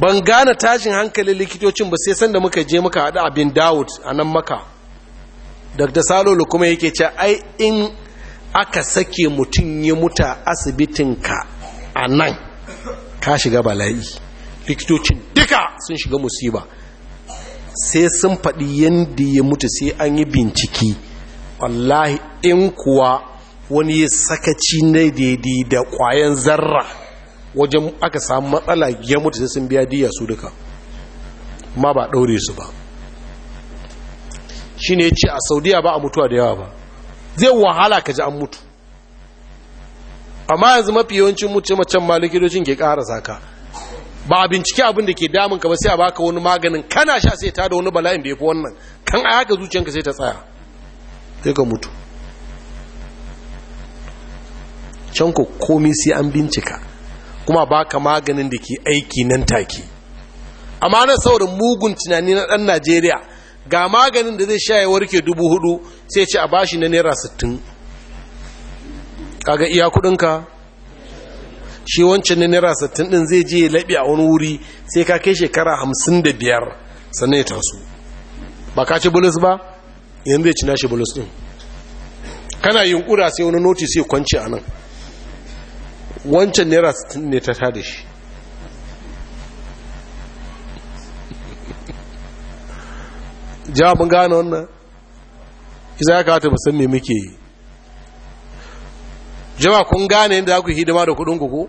ban gane tashin hankalin likitocin ba sai sanda muka je muka haɗu abin dawud a nan maka dr salolo kuma yake ce ai in aka sake mutum ya muta asibitinka a nan ka shiga bala'i likitocin duka sun shiga musiba sai sun faɗi yadda ya mutu sai an yi binciki wallahi in kuwa wani sakaci na daidai da ƙwayan zarra wajen aka samu matsala ya mutu sai sun biya diya su duka ma ba daure su ba shi ne ce a saudiya ba a mutuwa da yawa ba zai wahala ka ji an mutu amma yanzu mafi yawancin mutu macen ma likitocin ke kara ka ba a bincike abin da ke damun ka ba sai a baka wani maganin kana sha sai ta da wani bala'in da ya fi wannan kan a haka zuciyanka sai ta tsaya sai ka mutu can ku komi sai an bincika kuma baka maganin da ke aiki nan take amma na saurin mugun tunani na ɗan najeriya ga maganin da zai sha ya warke dubu hudu sai ce a bashi na naira sittin kaga iya kudinka shi wancan na naira sittin ɗin zai je ya laɓi a wani wuri sai ka kai shekara hamsin da biyar sannan ya taso ba ka ci bulus ba yanzu zai ci nashi bulus din kana yunkura sai wani noti ya kwanci a nan wancan naira 60 ne ta tada shi jawabin gane wannan isa ya kawata musamman muke yi jama kun gane yadda ku hidima da kudin ku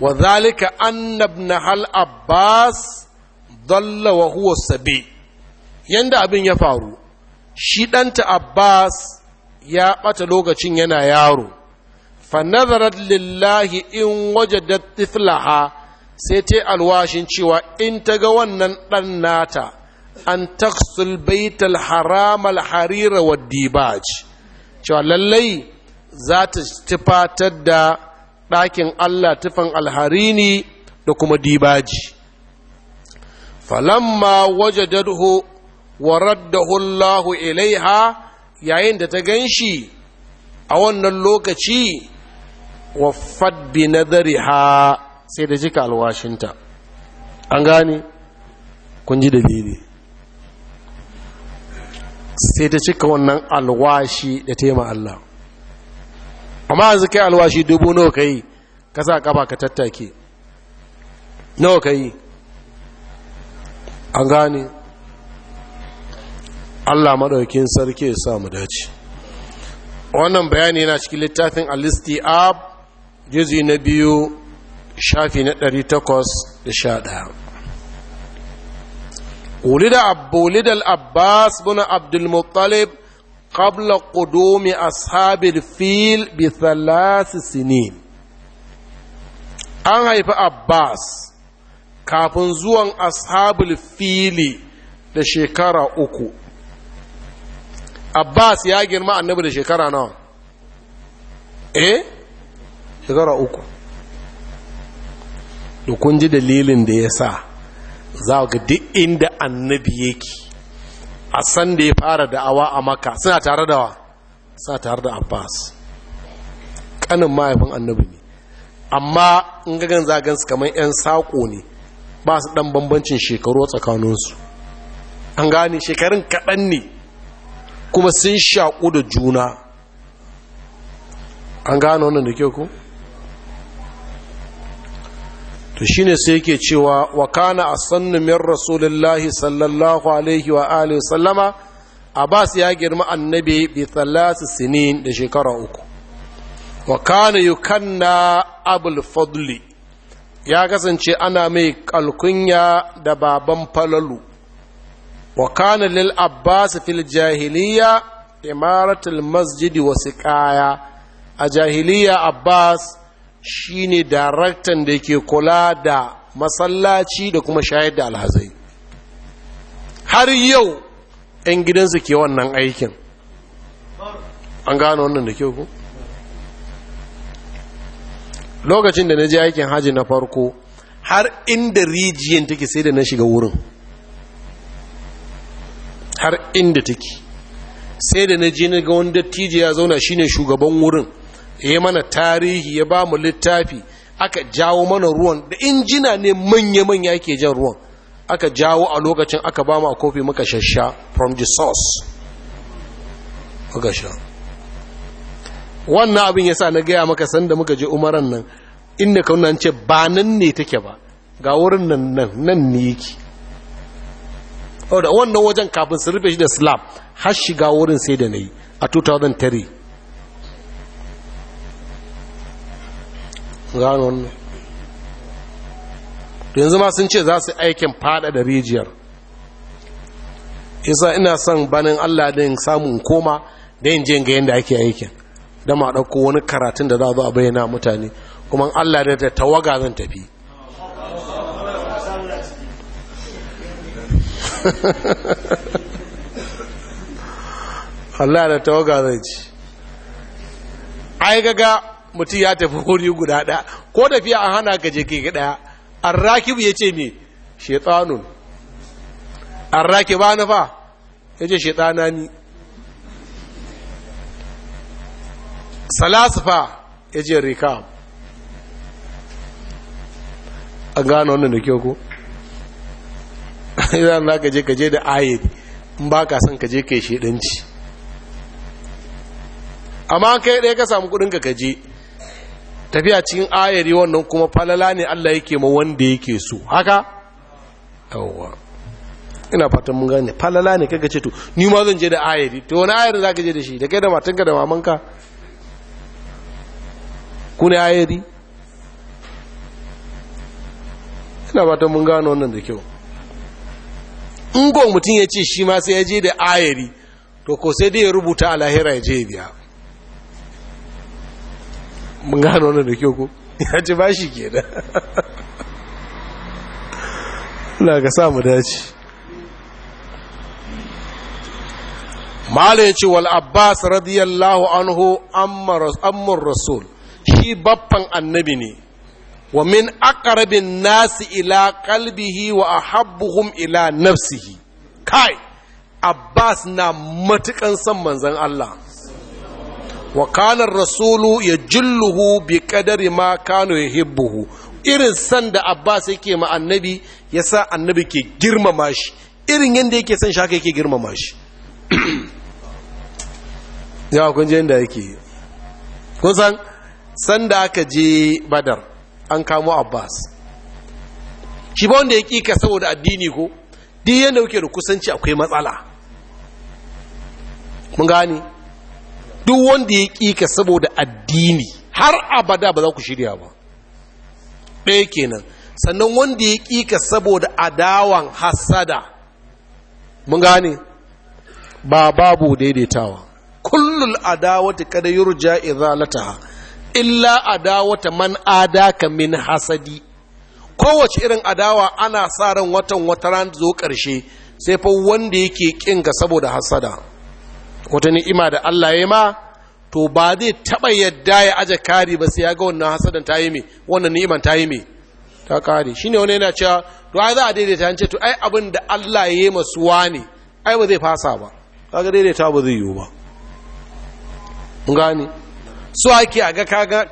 wa zalika annabna hal abbas dalla wa huwa sabi yanda abin ya faru shi ɗanta abbas ya ɓata lokacin yana yaro fa nazarat lillahi in wajadat tiflaha sai ta alwashin cewa in ta ga wannan ɗan nata an taksul baital haramal harira wa dibaj cewa lallai zata ta tufatar da ɗakin Allah tufan alharini da kuma dibaji falamma wajadadhu wa raddahu Allahu ilaiha yayin da ta ganshi a wannan lokaci waffat bi ha sai da jika alwashinta an gane kun ji dalili sai ta cika wannan alwashi da tema Allah amma yanzu kai alwashi dubu nawa kai ka sa kafa ka tattake nawa kai an gane Allah maɗaukin sarki ya sa mu dace wannan bayani yana cikin littafin al-istiab jizi na biyu shafi na ɗari takwas da sha ɗaya wulida da al’abbas Buna bin abdulmuttalib qabla qudumi ashabil fil bi thalath sinin an haifi abbas kafin zuwan ashabul fili da shekara uku abbas ya girma annabi da shekara nawa eh shekara uku da kun ji dalilin da ya sa za ga duk inda annabi yake a san da ya fara da'awa a maka suna tare da wa suna tare da abbas kanin mahaifin annabi ne amma in gagan su kamar 'yan saƙo ne ba su dan bambancin shekaru tsakaninsu an gane shekarun kaɗan ne kuma sun shaƙu da juna an gane wannan da kyau ku? to shine sai yake cewa wa kana asannu min rasulillahi sallallahu alaihi wa alihi sallama abbas ya girma annabi bi thalath sinin da shekara uku wa kana yukanna abul fadli ya kasance ana mai kalkunya da baban falalu wa kana lil abbas fil jahiliya imaratul masjidi wa siqaya a jahiliya abbas shine daraktan da ke kula da masallaci da kuma shayar da alhazai har yau 'yan gidansu ke wannan aikin an gano wannan da kyau ku lokacin da na je aikin haji na farko har inda rijiyar take sai da na shiga wurin har inda take sai da na je na ga wani dattijo ya zauna shine shugaban wurin ya mana tarihi ya ba mu littafi aka jawo mana ruwan da injina ne manya-manya ke jan ruwan aka jawo a lokacin aka ba mu a kofi muka shasha from the source muka wannan abin ya sa na gaya maka sanda muka je umaran nan inda kaunan ce ba nan ne take ba ga wurin nan nan nan ne yake Wadda wannan wajen kafin su rufe shi da slab har shiga wurin sai da na yi a 2003 gano wannan yanzu ma sun ce za su aikin fada da rijiyar isa ina son banin allah da yin samun koma da yin jin gayen da ake aikin da ma ɗauko wani karatun da za a bayyana mutane kuma allah da ta tawaga zan tafi [LAUGHS] allah da tawaga zai ci ai gaga mutum ya tafi wuri guda ɗaya ko tafiya an hana ka je ke ɗaya arrakibu ya ce me raki ba na fa ya ce shaitana ni salasifa ya ce rika. an gano wannan da kyau ko [LAUGHS] idan na gaje gaje da aye in ba ka son ka kai shedanci amma kai ɗaya ka samu kudin ka kaje tafiya cikin ayari wannan kuma falala ne Allah yake ma wanda yake so haka yawwa ina fatan mun gane falala ne kaga ce to ni ma zan je da ayari to wani ayari zaka je da shi da kai da matanka da mamanka ku ne ayari ina fatan mun gane wannan da kyau in mutum ya ce shi ma sai ya je da ayari to ko sai dai ya rubuta a lahira ya je biya mun gano wannan da kyau ko ya ci shi kenan Allah ka sa mu dace mala wal abbas radiyallahu anhu ammar rasul shi baffan annabi ne wa min aqrabin nasi ila qalbihi wa ahabbuhum ila nafsihi kai abbas na matukan son manzon Allah wa الرسول rasulu ya ما كان يحبه kano ya hibbuhu irin san da abbas yake ma annabi ya sa annabi ke girmama shi irin yadda yake son shaka yake girmama shi [CLEARS THROAT] ya kun je yadda yake kun san da aka je badar an kamo abbas shi ba wanda ya ƙi ka saboda addini ko duk yadda kuke da kusanci akwai matsala mun gani duk wanda ya ƙika saboda addini har abada ba za ku shirya ba ɗaya kenan sannan wanda ya ƙika saboda adawan hasada mun gane ba babu daidaitawa Kullum adawata kada yurja ha illa adawata man adaka min hasadi kowace irin adawa ana sa ran watan wata ran zo ƙarshe sai fa wanda yake ƙinka saboda hasada wata ni'ima da Allah ya ma to ba zai taɓa yadda ya aje kari ba sai ya ga wannan hasadan ta yi me wannan ni'iman ta yi me ta kare shi ne wani yana cewa to ai za a daidaita an ce to ai abin da Allah ya yi masuwa ne ai ba zai fasa ba kaga daidaita ba zai yi ba gani su ake a ga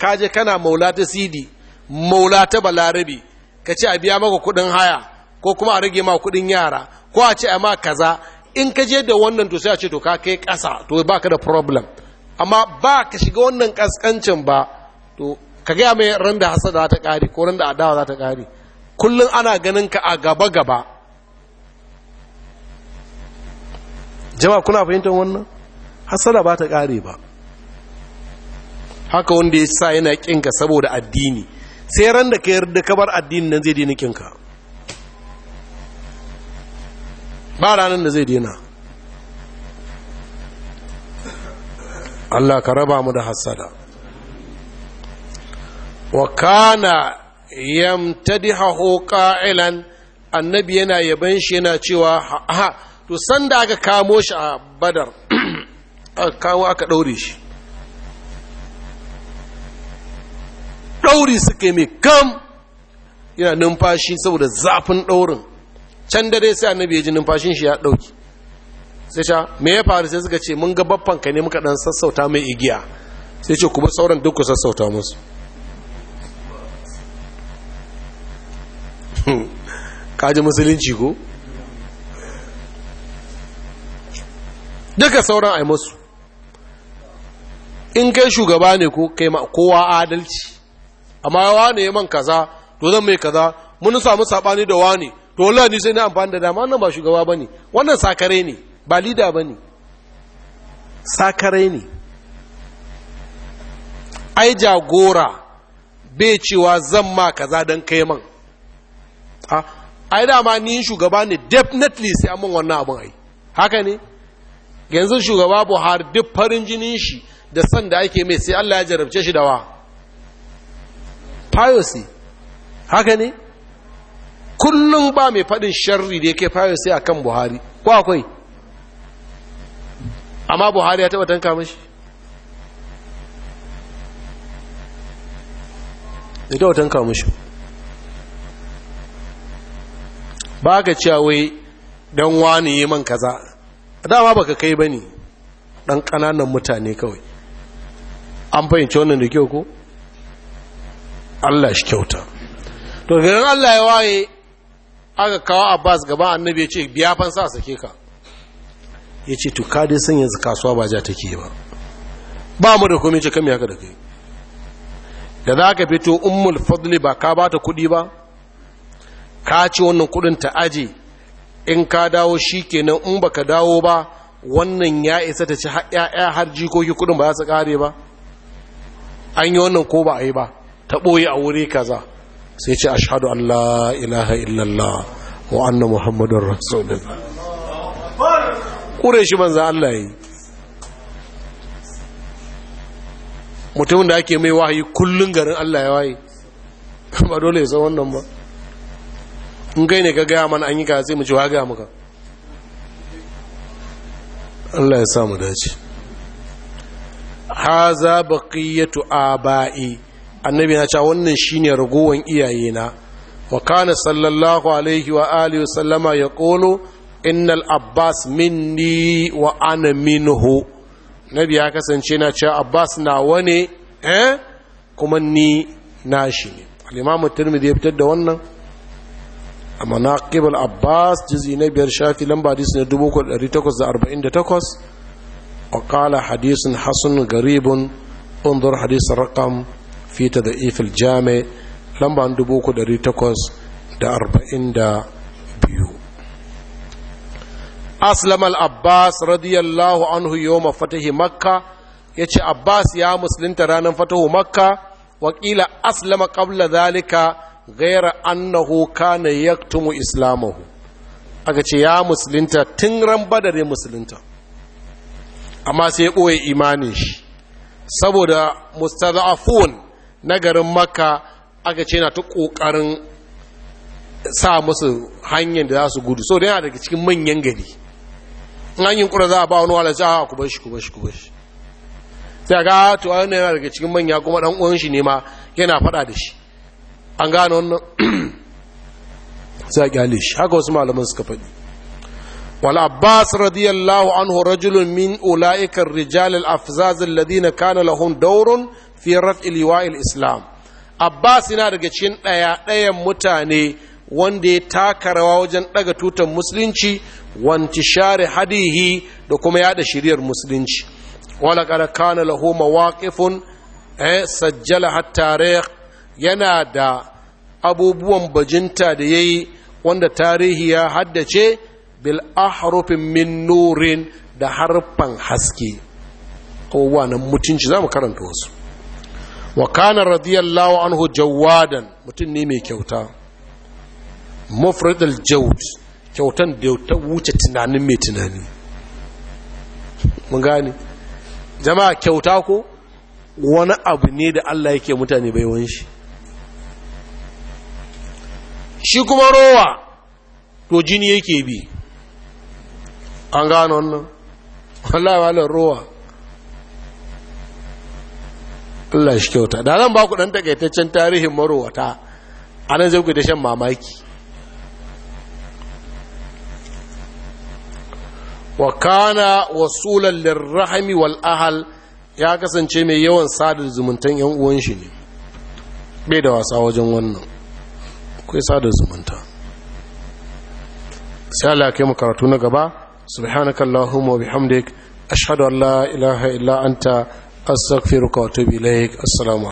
kaje kana maula ta sidi maula ta balarabi ka ce a biya maka kudin haya ko kuma a rage ma kudin yara ko a ce a ma kaza in ka je da wannan to sai a ce to ka kai ƙasa to ba ka da problem amma ba ka shiga wannan ƙasƙancin ba to ka gaya mai ran da za ta ƙare ko ran da adawa za ta ƙare kullum ana ganin ka a gaba gaba jama kuna fahimtar wannan hasada ba ta ƙare ba haka wanda ya sa yana ƙinka saboda addini sai ran da ka yarda ka bar addini nan zai daina ƙinka ba ranar da zai dina Allah ka raba mu da hassada wa kana haho qa'ilan annabi yana yaban shi yana cewa ha to sanda aka kamo shi a badar [CLEARS THROAT] aka kawo aka daure shi dauri suka yi mai kam yana numfashi saboda zafin daurin can dare sai annabi ya ji numfashin shi ya dauki sai sha me ya faru sai suka ce mun ga baffan ka ne muka dan sassauta mai igiya sai ce kuma sauran duk ku sassauta musu [LAUGHS] Ka ji musulunci ko duka sauran ai musu in kai shugaba ne ko kai ma kowa adalci amma wane man kaza to zan mai kaza mun samu sabani da wane to Allah ni sai na amfani da dama wannan ba shugaba bane wannan sakare ne ba leader bane sakare ne ai jagora bai cewa zan ma kaza dan kai man ah, ai dama ni shugaba ne definitely sai amman wannan abin ai haka ne yanzu shugaba Buhari duk farin jinin shi da san da ake mai sai Allah ya jarabce shi da wa piracy haka ne kullum ba mai faɗin sharri da yake fara sai akan buhari ko akwai amma buhari ya taɓa tanka mashi ya taɓa tanka mashi ba ka cewa wai don wani yi man kaza dama ba ka kai ba ne ɗan ƙananan mutane kawai an fahimci wannan da kyau ko allah shi kyauta to garin allah ya waye aka kawo abbas gaba annabi ya ce biya fansa sake ka ya ce tuka dai sun yanzu kasuwa ba ja take ba ba mu da komai ce kan yaka da kai da za ka fito umul fadli ba ka ba ta kuɗi ba ka ce wannan kuɗin ta aji in ka dawo shi kenan in ba ka dawo ba wannan ya isa ta ci ya'ya har jikoki kuɗin ba za su kare ba an yi wannan ko ba a yi ba ta ɓoye a wuri kaza sai ce a an Allah ilaha illallah wa annan muhammadar rasulun kure shi banza Allah yi mutumin da ake mai wahayi kullum garin Allah ya waye [LAUGHS] ba dole ya san wannan ba in kai ne ka gaya mana an yi ka sai mu ci waga muka Allah ya samu dace haza a aba'i annabi na cewa wannan shine ragowan iyaye na wa kana sallallahu alaihi wa alihi wa sallama ya qulu innal abbas minni wa ana minhu nabi ya kasance na cewa abbas na wane eh kuma ni na shi ne al-imam at-tirmidhi ya fitar da wannan a manaqib al-abbas juz'i na biyar shafi lamba hadisi na 1848 wa qala hadisun hasan garibun انظر حديث 1000 fi ta da'ifil jami lamba 3842 aslam al-abbas radiyallahu anhu yoma fatahi makka yace abbas ya musulunta ranar fatahu makka wakila aslama qabla zalika gaira annahu kana yaktumu islamahu aka ce ya musulunta tun ran badare musulunta amma sai ya ɓoye imanin shi saboda mustada'afun na garin makka aka ce na ta ƙoƙarin sa musu hanyar da za su gudu so da yana daga cikin manyan gari hanyar kura za a ba wani wala za a ah, ku shi ku shi ku shi sai ga ah, tuwa yana yana daga cikin manya kuma dan uwan shi ne ma yana fada da shi an gane wannan [CLEARS THROAT] sai gyale shi haka wasu malaman suka faɗi wal abbas radiyallahu anhu rajulun min ulaikar Rijalil rijal al-afzaz alladhina kana lahum dawrun fi raf'i liwa'il islam abbas yana daga cikin ɗaya ɗayan mutane wanda ya taka rawa wajen ɗaga tutan musulunci wanti share hadihi da kuma yada shiriyar musulunci wala kada kana lahu mawaqifun eh sajjala Hattare, yana da abubuwan bajinta da yayi wanda tarihi ya haddace bil ahrufin min nurin da harfan haske kowa na mutunci za mu karanta wasu wa kana radiyallahu anhu jawadan mutum ne mai kyauta mufradul jawd kyautan da ta wuce tunanin mai tunani mun gane jama'a kyauta ko wani abu ne da Allah yake mutane bai wani shi shi kuma rowa to jini yake bi an gano wannan wallahi malar rowa Allah shi kyauta da zan ba ku dan takaitaccen tarihin marowata anan zai ku da shan mamaki wa kana wasulan lirrahmi wal ahal ya kasance mai yawan sadar zumuntan yan uwan shi ne bai da wasa wajen wannan kai sadar zumunta sai Allah kai mu karatu na gaba subhanakallahumma wa bihamdik ashhadu an la ilaha illa anta astaghfiruka wa bi ilaik asalama.